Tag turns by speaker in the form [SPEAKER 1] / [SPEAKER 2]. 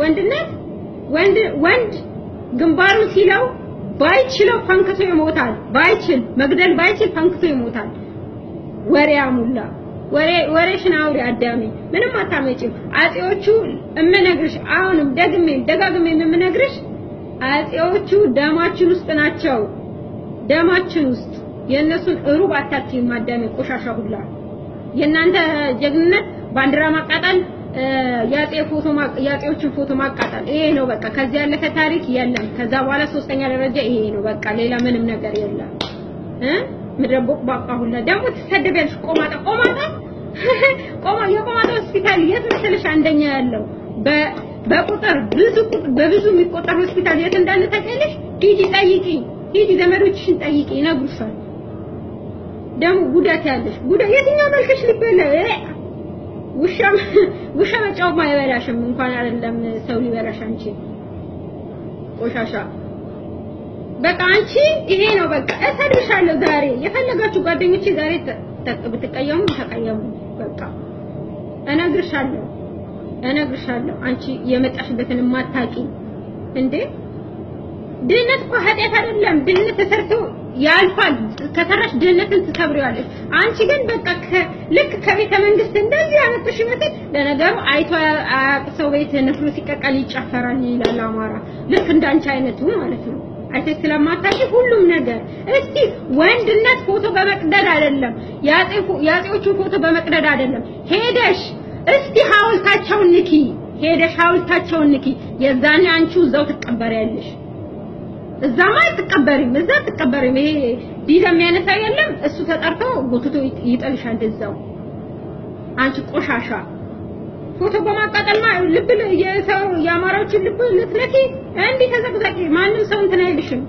[SPEAKER 1] ወንድነት ወንድ ወንድ ግንባሩ ሲለው ባይችለው ፈንክቶ ይሞታል። ባይችል መግደል ባይችል ፈንክቶ ይሞታል። ወሬ አሙላ ወሬ ወሬሽን አውሪ አዳሜ፣ ምንም አታመጪም። አጼዎቹ እምነግርሽ አሁንም ደግሜም ደጋግሜም እምነግርሽ አጼዎቹ ደማችን ውስጥ ናቸው። ደማችን ውስጥ የእነሱን ሩብ አታችም አዳሜ፣ ቆሻሻ ሁላ የእናንተ ጀግንነት ባንዲራ ማቃጠል የአጤዎችን ፎቶ ማቃጠል ይሄ ነው በቃ። ከዚህ ያለፈ ታሪክ የለም። ከዛ በኋላ ሶስተኛ ደረጃ ይሄ ነው በቃ። ሌላ ምንም ነገር የለም። እ ምድረ ቦቅቧቃ ሁላ ደግሞ ትሰደቢያለሽ። ቆማጣ ቆማጣ ቆማ የቆማጣ ሆስፒታል የት መሰለሽ አንደኛ ያለው በቁጥር ብዙ በብዙ የሚቆጠር ሆስፒታል የት እንዳለ ታውቂያለሽ? ሂጂ ጠይቂ፣ ሂጂ ዘመዶችሽን ጠይቂ፣ ይነግሩሻል። ደግሞ ጉዳት ያለሽ ጉዳት የትኛው መልክሽ ሊበላ ውሻ ውሻ በጫውማ አይበላሽም እንኳን አይደለም ሰው ሊበላሽ አንቺ ቆሻሻ በቃ አንቺ ይሄ ነው በቃ እሰድብሻለሁ ዛሬ የፈለጋችሁ ጓደኞቼ ዛሬ ብትቀየሙ ተቀየሙ በቃ እነግርሻለሁ እነግርሻለሁ አንቺ የመጣሽበትን ማታቂ እንዴ ድህነት እኮ ኃጢአት አይደለም ድህነት ተሰርቶ ያልፋል። ከተረሽ ድህነትን ትሰብሪዋለሽ። አንቺ ግን በቃ ልክ ከቤተ መንግስት እንደዚህ ያመጡሽ ምትል። ለነገሩ አይቶ ሰው ቤት ንፍሩ ሲቀቀል ይጨፈራል ይላል አማራ። ልክ እንዳንቺ አይነቱ ማለት ነው። አይተሽ ስለማታቂ ሁሉም ነገር እስቲ ወንድነት ፎቶ በመቅደድ አይደለም፣ የአፄዎቹን ፎቶ በመቅደድ አይደለም። ሄደሽ እስቲ ሐውልታቸውን ንኪ፣ ሄደሽ ሐውልታቸውን ንኪ። የዛኔ አንቺ እዛው ትቀበሪያለሽ። እዛማ አትቀበሪም፣ እዛ አትቀበሪም። ይሄ ዲዳ የሚያነሳ የለም። እሱ ተጠርቶ ጎትቶ ይጠልሻል እዛው። አንቺ ቆሻሻ ፎቶ በማቃጠልማ ልብ የሰው የአማራዎችን ልብ ልትለኪ እንዲህ ተዘቅዘቂ። ማንም ሰው እንትን አይልሽም።